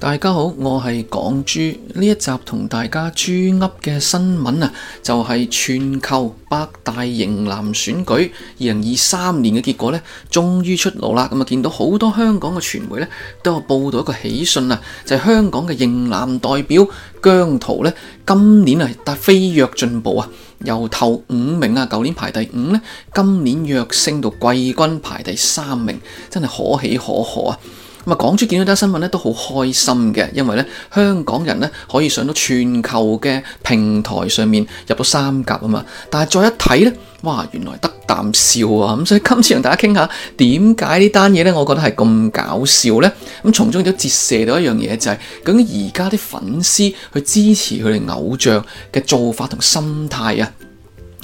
大家好，我係港豬，呢一集同大家豬噏嘅新聞啊，就係、是、全球百大型男選舉二零二三年嘅結果呢，終於出爐啦。咁、嗯、啊，見到好多香港嘅傳媒呢，都有報道一個喜訊啊，就係、是、香港嘅型男代表姜濤呢。今年啊大飛躍進步啊，由頭五名啊，舊年排第五呢，今年躍升到季軍排第三名，真係可喜可賀啊！咁啊，港豬見到單新聞咧都好開心嘅，因為咧香港人咧可以上到全球嘅平台上面入到三甲啊嘛。但係再一睇咧，哇，原來得啖笑啊！咁所以今次同大家傾下點解呢單嘢咧，我覺得係咁搞笑咧。咁從中亦都折射到一樣嘢，就係究竟而家啲粉絲去支持佢哋偶像嘅做法同心態啊，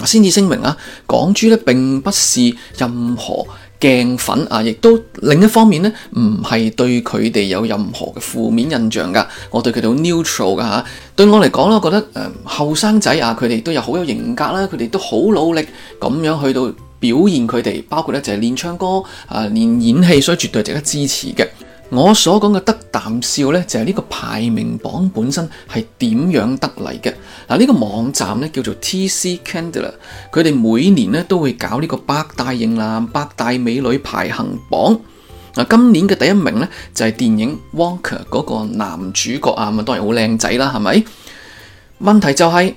先至聲明啊，港豬咧並不是任何鏡粉啊，亦都另一方面呢，唔係對佢哋有任何嘅負面印象㗎，我對佢哋好 neutral 㗎吓、啊。對我嚟講啦，我覺得誒後生仔啊，佢哋都有好有型格啦，佢哋都好努力咁樣去到表現佢哋，包括呢就係、是、練唱歌啊、練演戲，所以絕對值得支持嘅。我所講嘅得啖笑咧，就係、是、呢個排名榜本身係點樣得嚟嘅？嗱，呢個網站咧叫做 TC Candler，佢哋每年咧都會搞呢個百大型男、百大美女排行榜。嗱，今年嘅第一名咧就係、是、電影《Walker》嗰個男主角啊，咁啊當然好靚仔啦，係咪？問題就係、是。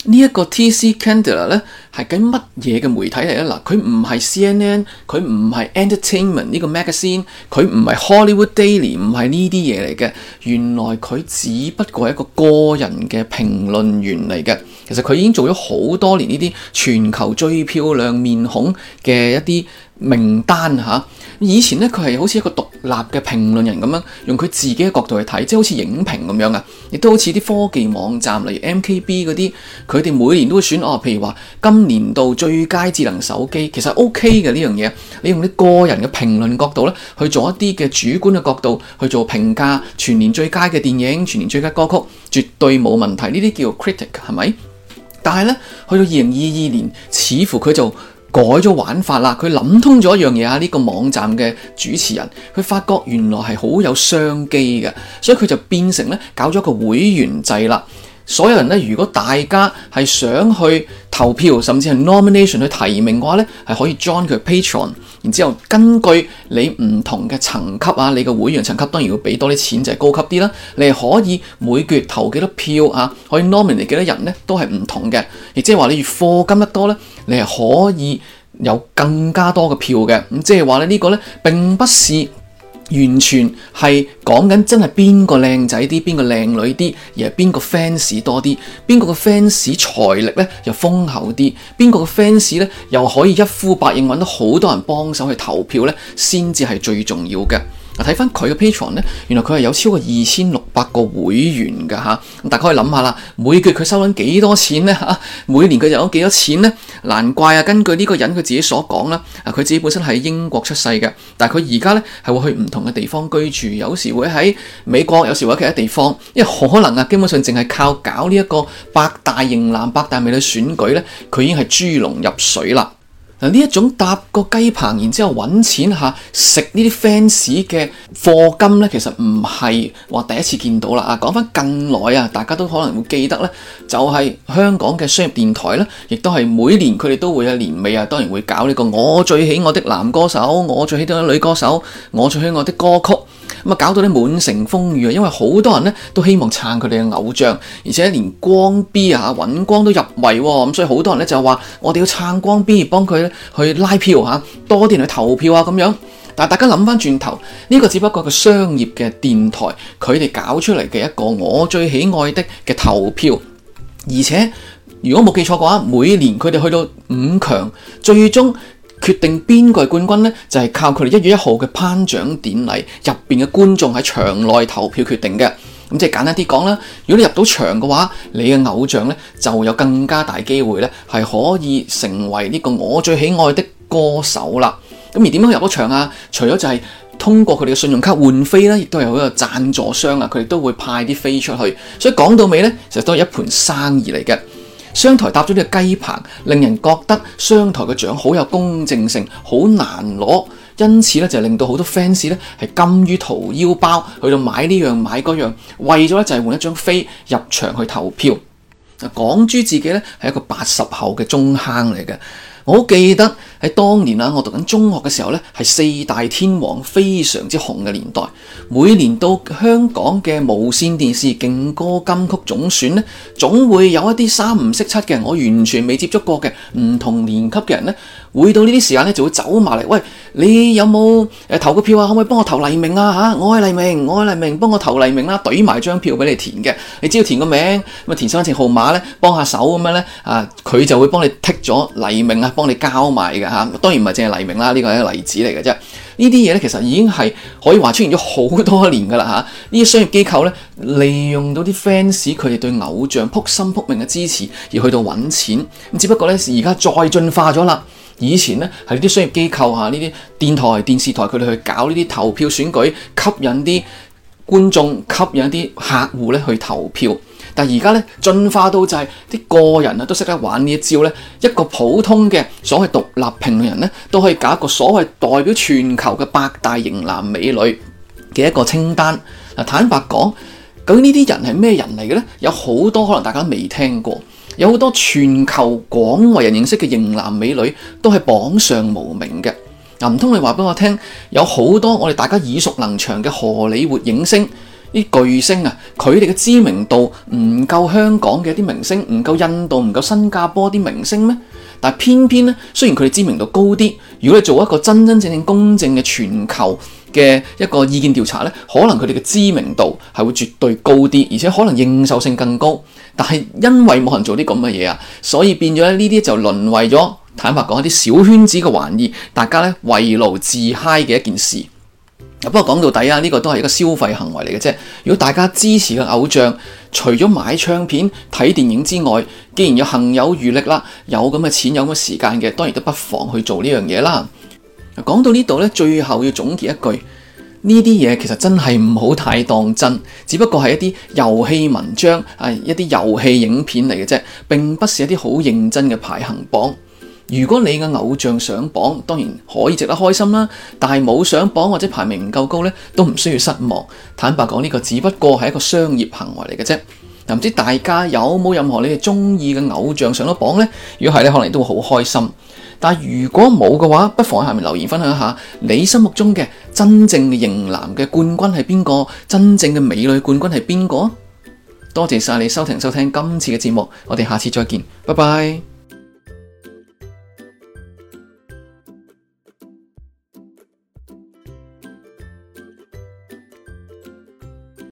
TC 呢一個 T.C.Candler 咧係緊乜嘢嘅媒體嚟咧？嗱，佢唔係 CNN，佢唔係 Entertainment 呢個 magazine，佢唔係 Hollywood Daily，唔係呢啲嘢嚟嘅。原來佢只不過係一個個人嘅評論員嚟嘅。其實佢已經做咗好多年呢啲全球最漂亮面孔嘅一啲名單嚇，以前呢，佢係好似一個獨立嘅評論人咁樣，用佢自己嘅角度去睇，即係好似影評咁樣啊，亦都好似啲科技網站，例如 MKB 嗰啲，佢哋每年都會選哦，譬如話今年度最佳智能手機，其實 OK 嘅呢樣嘢，你用你個人嘅評論角度咧，去做一啲嘅主觀嘅角度去做評價，全年最佳嘅電影、全年最佳歌曲，絕對冇問題，呢啲叫 critic 係咪？但係呢，去到二零二二年，似乎佢就改咗玩法啦，佢諗通咗一樣嘢啊！呢個網站嘅主持人，佢發覺原來係好有商機嘅，所以佢就變成咧搞咗個會員制啦。所有人咧，如果大家係想去投票，甚至係 nomination 去提名嘅話咧，係可以 join 佢 Patreon。然之後根據你唔同嘅層級啊，你嘅會員層級當然要俾多啲錢，就係、是、高級啲啦。你係可以每個月投幾多票啊，可以 nominate 幾多人咧，都係唔同嘅。而即係話你越課金得多咧，你係可以有更加多嘅票嘅。咁即係話咧，這個、呢個咧並不是。完全係講緊真係邊個靚仔啲，邊個靚女啲，而係邊個 fans 多啲，邊個嘅 fans 財力咧又豐厚啲，邊個嘅 fans 咧又可以一呼百應，搵到好多人幫手去投票咧，先至係最重要嘅。睇翻佢嘅 Patreon 咧，on，原來佢係有超過二千六百個會員噶吓，咁大家可以諗下啦，每個月佢收緊幾多錢咧嚇，每年佢又有幾多錢咧？難怪啊，根據呢個人佢自己所講啦，啊，佢自己本身喺英國出世嘅，但係佢而家咧係會去唔同嘅地方居住，有時會喺美國，有時會喺其他地方，因為可能啊，基本上淨係靠搞呢一個百大型男百大美女選舉咧，佢已經係豬籠入水啦。嗱呢一種搭個雞棚，然之後揾錢吓，食呢啲 fans 嘅課金呢，其實唔係話第一次見到啦。啊，講翻近來啊，大家都可能會記得呢，就係、是、香港嘅商業電台呢，亦都係每年佢哋都會有年尾啊，當然會搞呢、這個我最喜愛的男歌手，我最喜愛的女歌手，我最喜愛的歌曲。咁啊，搞到咧滿城風雨啊！因為好多人咧都希望撐佢哋嘅偶像，而且連光 B 啊揾光都入圍，哦，咁所以好多人咧就話：我哋要撐光 B，幫佢去拉票吓，多啲人去投票啊！咁樣，但大家諗翻轉頭，呢個只不過個商業嘅電台，佢哋搞出嚟嘅一個我最喜愛的嘅投票，而且如果冇記錯嘅話，每年佢哋去到五強，最終。決定邊個係冠軍呢？就係靠佢哋一月一號嘅頒獎典禮入邊嘅觀眾喺場內投票決定嘅。咁即係簡單啲講啦，如果你入到場嘅話，你嘅偶像呢就有更加大機會呢係可以成為呢個我最喜愛的歌手啦。咁而點樣入到場啊？除咗就係通過佢哋嘅信用卡換飛呢，亦都係好多贊助商啊，佢哋都會派啲飛出去。所以講到尾呢，其實都係一盤生意嚟嘅。商台搭咗呢個雞棚，令人覺得商台嘅獎好有公正性，好難攞，因此咧就令到好多 fans 咧係甘於掏腰包去到買呢樣買嗰樣，為咗咧就係換一張飛入場去投票。港珠自己咧係一個八十後嘅中坑嚟嘅，我好記得。喺當年啊，我讀緊中學嘅時候呢，係四大天王非常之紅嘅年代。每年到香港嘅無線電視勁歌金曲總選呢，總會有一啲三唔識七嘅，我完全未接觸過嘅唔同年級嘅人呢，會到呢啲時間呢就會走埋嚟，喂，你有冇投個票啊？可唔可以幫我投黎明啊？嚇、啊，我係黎明，我係黎明，幫我投黎明啦，啊，懟埋張票俾你填嘅，你只要填個名，咁啊填身份證號碼呢，幫下手咁樣呢，啊，佢就會幫你剔咗黎明啊，幫你交埋噶。嚇，當然唔係淨係黎明啦，呢個係一個例子嚟嘅啫。呢啲嘢咧，其實已經係可以話出現咗好多年噶啦嚇。呢啲商業機構咧，利用到啲 fans 佢哋對偶像撲心撲命嘅支持，而去到揾錢。咁只不過咧，而家再進化咗啦。以前咧係啲商業機構嚇，呢啲電台、電視台佢哋去搞呢啲投票選舉，吸引啲觀眾、吸引啲客戶咧去投票。但而家咧，進化到就係、是、啲個人啊都識得玩呢一招咧，一個普通嘅所謂獨立評論人咧，都可以搞一個所謂代表全球嘅百大型男美女嘅一個清單。嗱，坦白講，究竟呢啲人係咩人嚟嘅咧？有好多可能大家未聽過，有好多全球廣為人認識嘅型男美女都係榜上無名嘅。嗱，唔通你話俾我聽，有好多我哋大家耳熟能詳嘅荷里活影星？啲巨星啊，佢哋嘅知名度唔夠香港嘅一啲明星，唔夠印度、唔夠新加坡啲明星咩？但係偏偏呢，雖然佢哋知名度高啲，如果你做一個真真正正公正嘅全球嘅一個意見調查呢，可能佢哋嘅知名度係會絕對高啲，而且可能認受性更高。但係因為冇人做啲咁嘅嘢啊，所以變咗呢啲就淪為咗坦白講一啲小圈子嘅玩意，大家呢圍爐自嗨嘅一件事。不過講到底啊，呢個都係一個消費行為嚟嘅啫。如果大家支持嘅偶像，除咗買唱片、睇電影之外，既然有行有餘力啦，有咁嘅錢，有咁嘅時間嘅，當然都不妨去做呢樣嘢啦。講到呢度呢，最後要總結一句：呢啲嘢其實真係唔好太當真，只不過係一啲遊戲文章，係一啲遊戲影片嚟嘅啫，並不是一啲好認真嘅排行榜。如果你嘅偶像上榜，當然可以值得開心啦。但係冇上榜或者排名唔夠高呢，都唔需要失望。坦白講，呢個只不過係一個商業行為嚟嘅啫。又唔知大家有冇任何你哋中意嘅偶像上咗榜呢？如果係，你可能都會好開心。但如果冇嘅話，不妨喺下面留言分享一下你心目中嘅真正嘅型男嘅冠軍係邊個，真正嘅美女冠軍係邊個？多謝晒你收聽收聽今次嘅節目，我哋下次再見，拜拜。